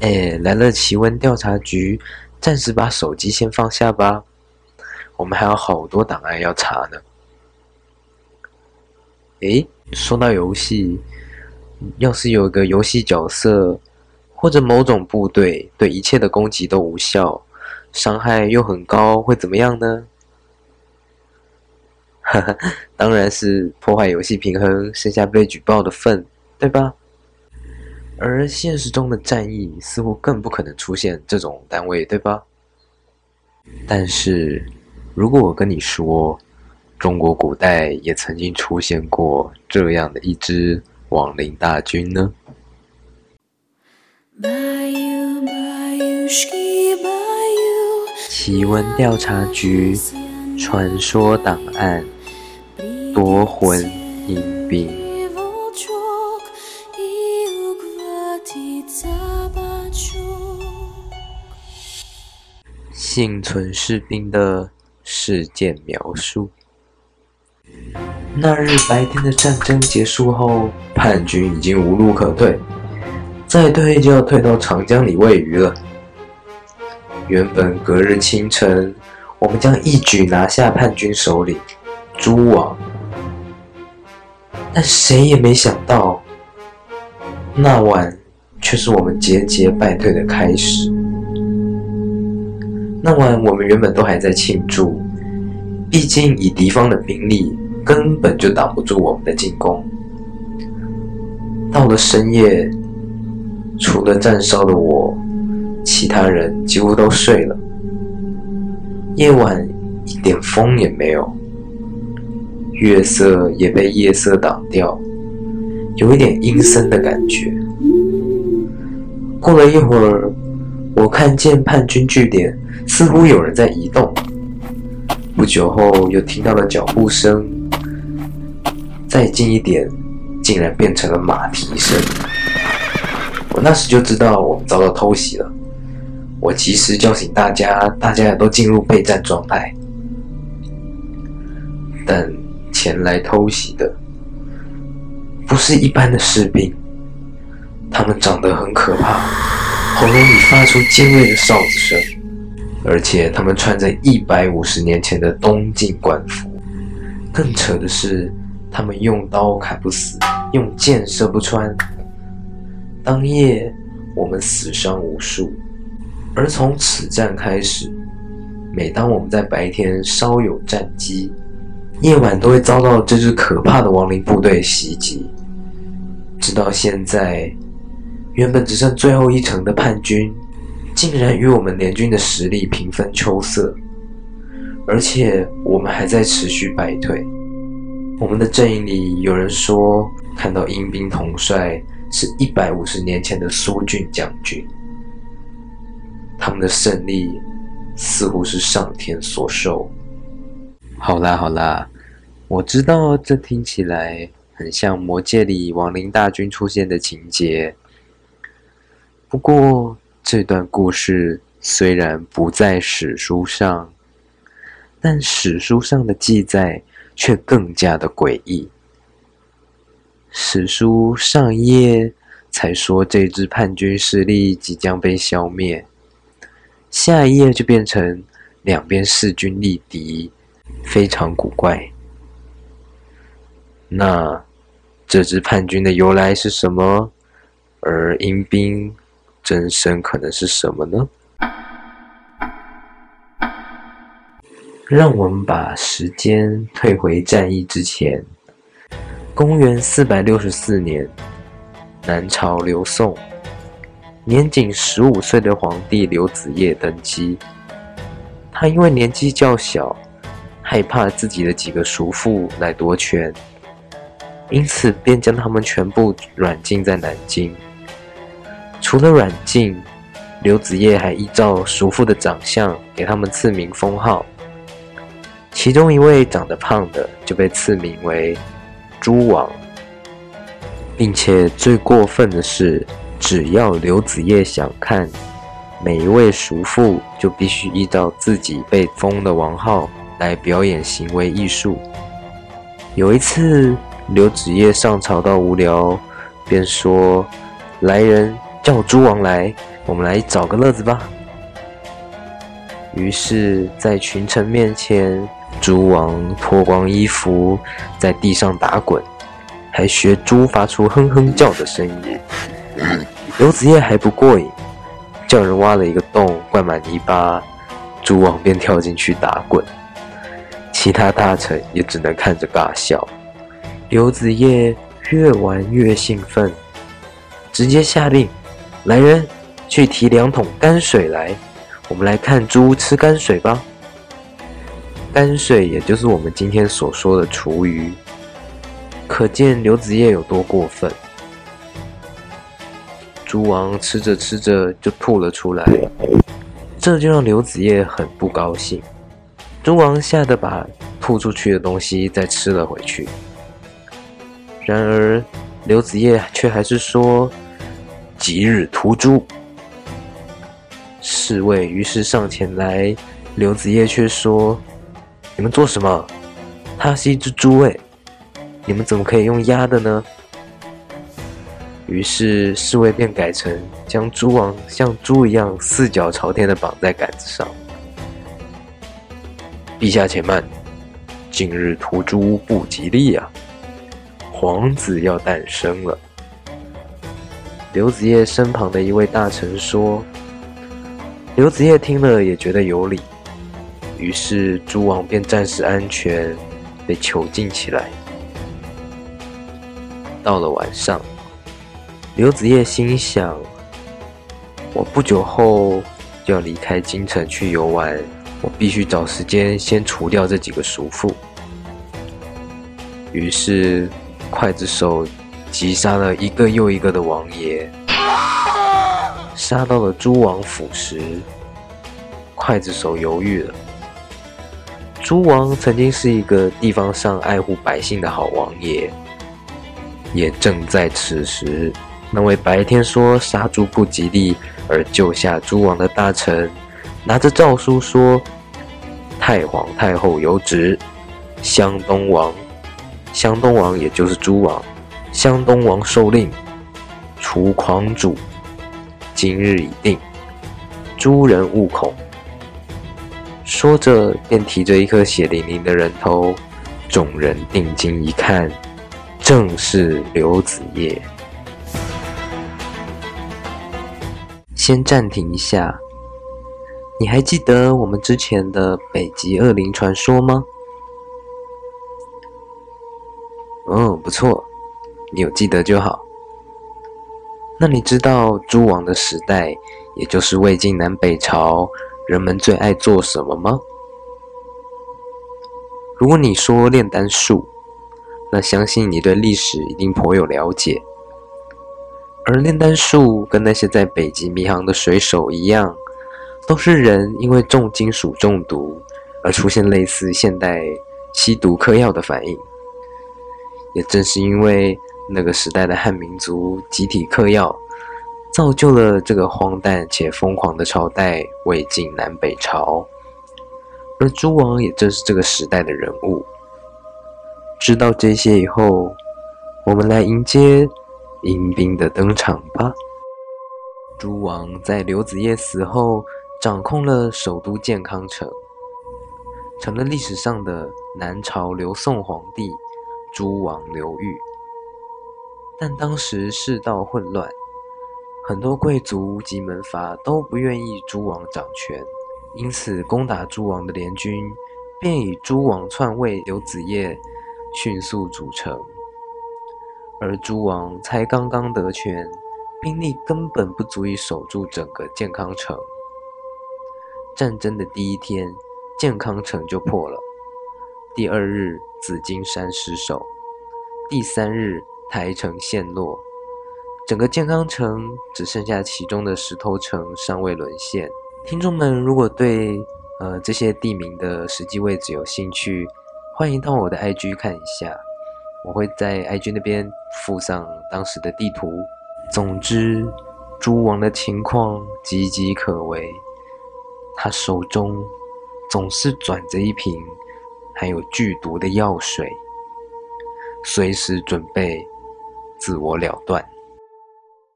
哎，來了奇聞調查局，暫時把手機先放下吧。我們還有好多檔案要查呢。哎，說到遊戲，要是有個遊戲角色或者某種部隊對一切的攻擊都無效，傷害又很高，會怎麼樣呢？哈哈，當然是破壞遊戲平衡，剩下被舉報的份，對吧？而現實中的戰役似乎更不可能出現這種單位，對吧？但是，如果我跟你說，中國古代也曾經出現過這樣的一支亡靈大軍呢？奇聞調查局，傳說檔案，奪魂陰兵。倖存士兵的事件描述：那日白天的戰爭結束後，叛軍已經無路可退，再退就要退到長江裡餵魚了。原本隔日清晨，我們將一舉拿下叛軍首領朱王，但誰也沒想到，那晚卻是我們節節敗退的開始。那晚我們原本都還在慶祝，畢竟以敵方的兵力根本就擋不住我們的進攻。到了深夜，除了站哨的我，其他人幾乎都睡了。夜晚一點風也沒有，月色也被夜色擋掉，有一點陰森的感覺。過了一會兒。我看見叛軍據點似乎有人在移動，不久後又聽到了腳步聲，再近一點，竟然變成了馬蹄聲。我那時就知道我們遭到偷襲了。我及時叫醒大家，大家也都進入備戰狀態。但前來偷襲的不是一般的士兵，他們長得很可怕。喉嚨裡發出尖銳的哨子聲，而且他們穿着一百五十年前的東晉官服。更扯的是，他們用刀砍不死，用箭射不穿。當夜，我們死傷無數，而從此戰開始，每當我們在白天稍有戰機，夜晚都會遭到這支可怕的亡靈部隊襲擊，直到現在。原本只剩最後一城的叛軍，竟然與我們聯軍的實力平分秋色，而且我們還在持續敗退。我們的陣營裡有人說，看到陰兵統帥是一百五十年前的蘇峻將軍，他們的勝利似乎是上天所授。好啦好啦，我知道這聽起來很像魔戒裡亡靈大軍出現的情節。不過，這段故事雖然不在史書上，但史書上的記載卻更加的詭異。史書上一頁才說這支叛軍勢力即將被消滅，下一頁就變成兩邊勢均力敵，非常古怪。那這支叛軍的由來是什麼？而陰兵。真身可能是什麼呢？讓我們把時間退回戰役之前。公元四百六十四年，南朝劉宋，年僅十五歲的皇帝劉子業登基。他因為年紀較小，害怕自己的幾個叔父來奪權，因此便將他們全部軟禁在南京。除了軟禁，劉子業還依照叔父的長相給他們賜名封號。其中一位長得胖的就被賜名為“豬王”。並且最過分的是，只要劉子業想看，每一位叔父就必須依照自己被封的王號來表演行為藝術。有一次，劉子業上朝到無聊，便說：“來人！”叫豬王來，我們來找個樂子吧。於是，在群臣面前，豬王脫光衣服，在地上打滾，還學豬發出哼哼叫的聲音。劉子業還不過癮，叫人挖了一個洞，灌滿泥巴，豬王便跳進去打滾。其他大臣也只能看着大笑。劉子業越玩越興奮，直接下令。來人，去提兩桶泔水來。我們來看豬吃泔水吧。泔水也就是我們今天所說的廚餘，可見劉子業有多過分。豬王吃着吃着就吐了出來，這就讓劉子業很不高興。豬王嚇得把吐出去的東西再吃了回去，然而劉子業卻還是說。吉日屠豬，侍衛於是上前來，劉子業卻說：“你們做什麼？他是一只豬誒、欸，你們怎麼可以用押的呢？”於是侍衛便改成將豬王像豬一樣四腳朝天的綁在杆子上。陛下且慢，今日屠豬不吉利啊，皇子要誕生了。劉子業身旁的一位大臣說：“劉子業聽了也覺得有理，於是諸王便暫時安全，被囚禁起來。到了晚上，劉子業心想：我不久後就要離開京城去游玩，我必須找時間先除掉這幾個叔父。於是劊子手。”擊殺了一個又一個的王爺，殺到了朱王府時，劊子手猶豫了。朱王曾經是一個地方上愛護百姓的好王爺。也正在此時，那位白天說殺豬不吉利而救下朱王的大臣，拿着詔書說：“太皇太后有旨，湘東王，湘東王也就是朱王。”湘東王受令，除狂主，今日已定，諸人勿恐。說着，便提着一顆血淋淋的人頭。眾人定睛一看，正是劉子業。先暫停一下，你還記得我們之前的北極惡靈傳說嗎？嗯，不錯。你有記得就好。那你知道諸王的時代，也就是魏晉南北朝，人們最愛做什麼嗎？如果你說煉丹術，那相信你對歷史一定頗有了解。而煉丹術跟那些在北極迷航的水手一樣，都是人因為重金屬中毒而出現類似現代吸毒嗑藥的反應。也正是因為。那個時代的漢民族集體嗑藥，造就了這個荒誕且瘋狂的朝代——魏晉南北朝。而豬王也正是這個時代的人物。知道這些以後，我們來迎接陰兵的登場吧。豬王在劉子業死後，掌控了首都建康城，成了歷史上的南朝劉宋皇帝——豬王劉彧。但當時世道混亂，很多貴族及門閥都不願意諸王掌權，因此攻打諸王的聯軍便以諸王篡位、劉子業迅速組成。而諸王才剛剛得權，兵力根本不足以守住整個建康城。戰爭的第一天，建康城就破了；第二日，紫金山失守；第三日。臺城陷落，整個建康城只剩下其中的石頭城尚未淪陷。聽眾們如果對呃這些地名的實際位置有興趣，歡迎到我的 IG 看一下，我會在 IG 那邊附上當時的地圖。總之，諸王的情況岌岌可危，他手中總是轉着一瓶含有劇毒的藥水，隨時準備。自我了斷。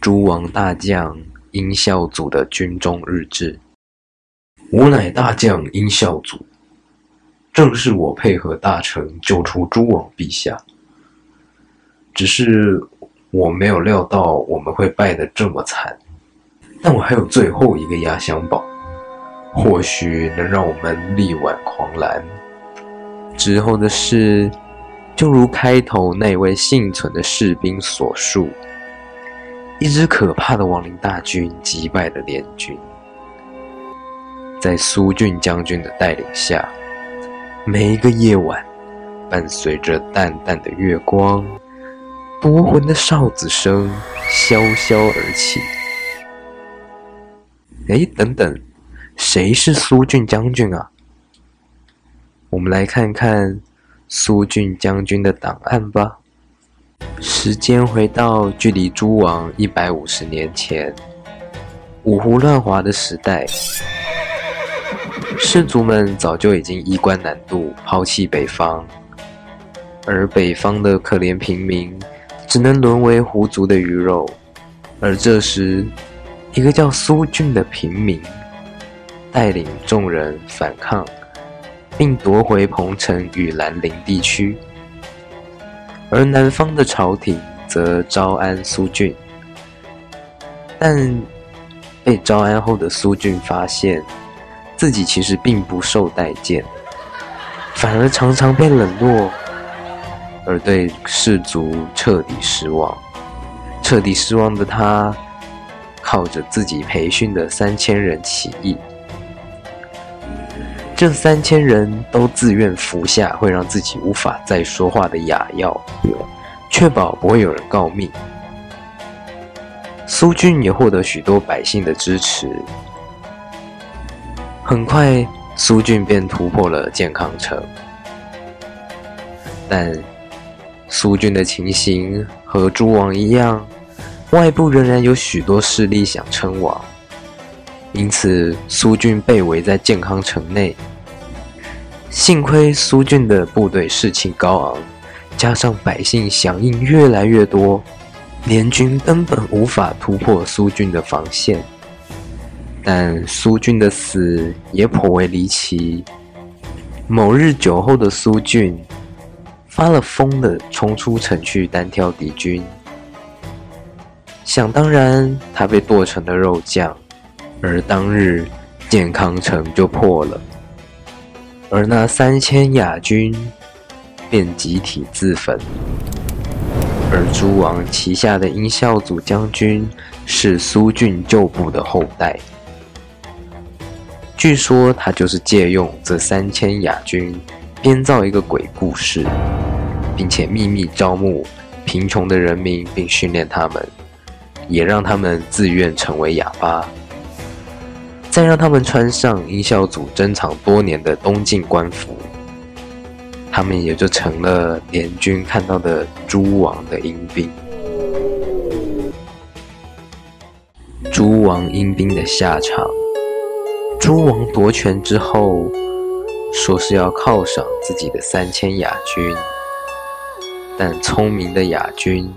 諸王大將殷孝祖的軍中日誌：吾乃大將殷孝祖，正是我配合大臣救出諸王陛下。只是我沒有料到我們會敗得這麼慘。但我還有最後一個壓箱寶，或許能讓我們力挽狂瀾。之後的事。就如開頭那位倖存的士兵所述，一支可怕的亡靈大軍擊敗了聯軍。在蘇俊將軍的帶領下，每一個夜晚，伴隨着淡淡的月光，奪魂的哨子聲蕭蕭而起。哎，等等，誰是蘇俊將軍啊？我們來看看蘇峻將軍的檔案吧。時間回到距離諸王一百五十年前，五胡亂華的時代，士族們早就已經衣冠南渡，拋棄北方，而北方的可憐平民只能淪為胡族的魚肉。而這時，一個叫蘇峻的平民帶領眾人反抗。並奪回彭城與蘭陵地區，而南方的朝廷則招安蘇峻，但被招安後的蘇峻發現自己其實並不受待見，反而常常被冷落，而對士族徹底失望。徹底失望的他，靠着自己培訓的三千人起義。這三千人都自願服下會讓自己無法再說話的啞藥，確保不會有人告密。蘇峻也獲得許多百姓的支持，很快蘇峻便突破了建康城。但蘇峻的情形和諸王一樣，外部仍然有許多勢力想稱王。因此，蘇峻被圍在建康城內。幸虧蘇峻的部隊士氣高昂，加上百姓響應越來越多，聯軍根本無法突破蘇峻的防線。但蘇峻的死也頗為離奇。某日酒後的蘇峻發了瘋的衝出城去單挑敵軍，想當然，他被剁成了肉醬。而當日，建康城就破了，而那三千啞軍便集體自焚。而諸王旗下的殷孝祖將軍是蘇峻舊部的後代，據說他就是借用這三千啞軍，編造一個鬼故事，並且秘密招募貧窮的人民並訓練他們，也讓他們自願成為啞巴。再讓他們穿上音效組珍藏多年的東晉官服，他們也就成了聯軍看到的諸王的陰兵。諸王陰兵的下場，諸王奪權之後，說是要犒賞自己的三千雅軍，但聰明的雅軍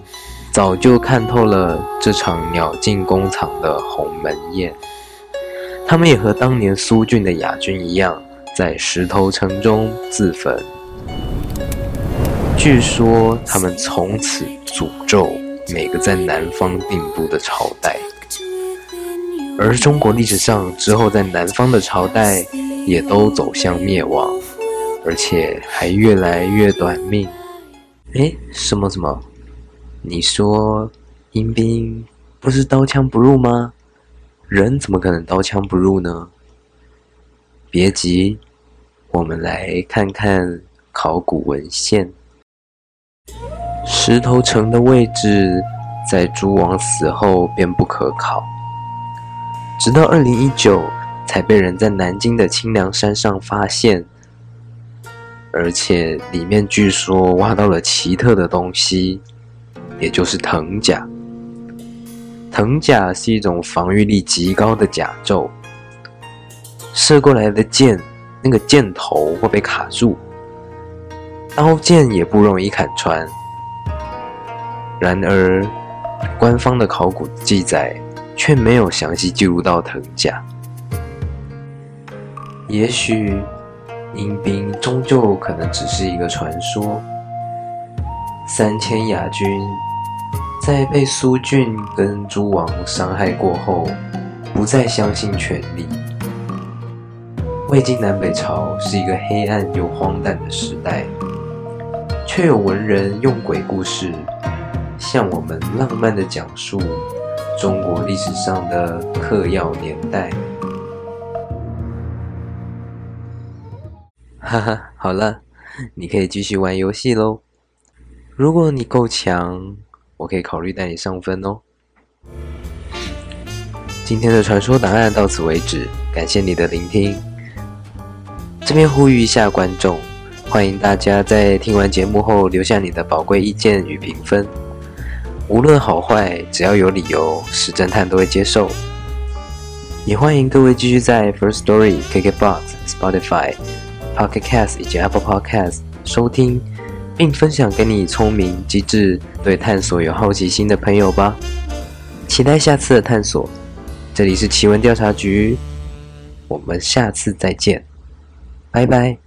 早就看透了這場鳥盡弓藏的鴻門宴。他們也和當年蘇峻的雅軍一樣，在石頭城中自焚。據說他們從此詛咒每個在南方定都的朝代，而中國歷史上之後在南方的朝代也都走向滅亡，而且還越來越短命。哎，什麼什麼？你說陰兵不是刀槍不入嗎？人怎麼可能刀槍不入呢？別急，我們來看看考古文獻。石頭城的位置在諸王死後便不可考，直到二零一九才被人在南京的清涼山上發現，而且裡面據說挖到了奇特的東西，也就是藤甲。藤甲是一種防禦力極高的甲冑，射過來的箭，那個箭頭會被卡住，刀劍也不容易砍穿。然而，官方的考古記載卻沒有詳細記錄到藤甲。也許陰兵終究可能只是一個傳說。三千牙軍。在被蘇峻跟諸王傷害過後，不再相信權力。魏晉南北朝是一個黑暗又荒誕的時代，卻有文人用鬼故事向我們浪漫地講述中國歷史上的嗑藥年代。哈哈，好了，你可以繼續玩遊戲嘍。如果你夠強。我可以考慮帶你上分哦。今天的傳說檔案到此為止，感謝你的聆聽。這邊呼籲一下觀眾，歡迎大家在聽完節目後留下你的寶貴意見與評分，無論好壞，只要有理由，史偵探都會接受。也歡迎各位繼續在 First Story、KKBox、Spotify、Pocket Casts 以及 Apple Podcasts 收聽。並分享給你聰明、機智、對探索有好奇心的朋友吧。期待下次的探索。這裡是奇聞調查局，我們下次再見，拜拜。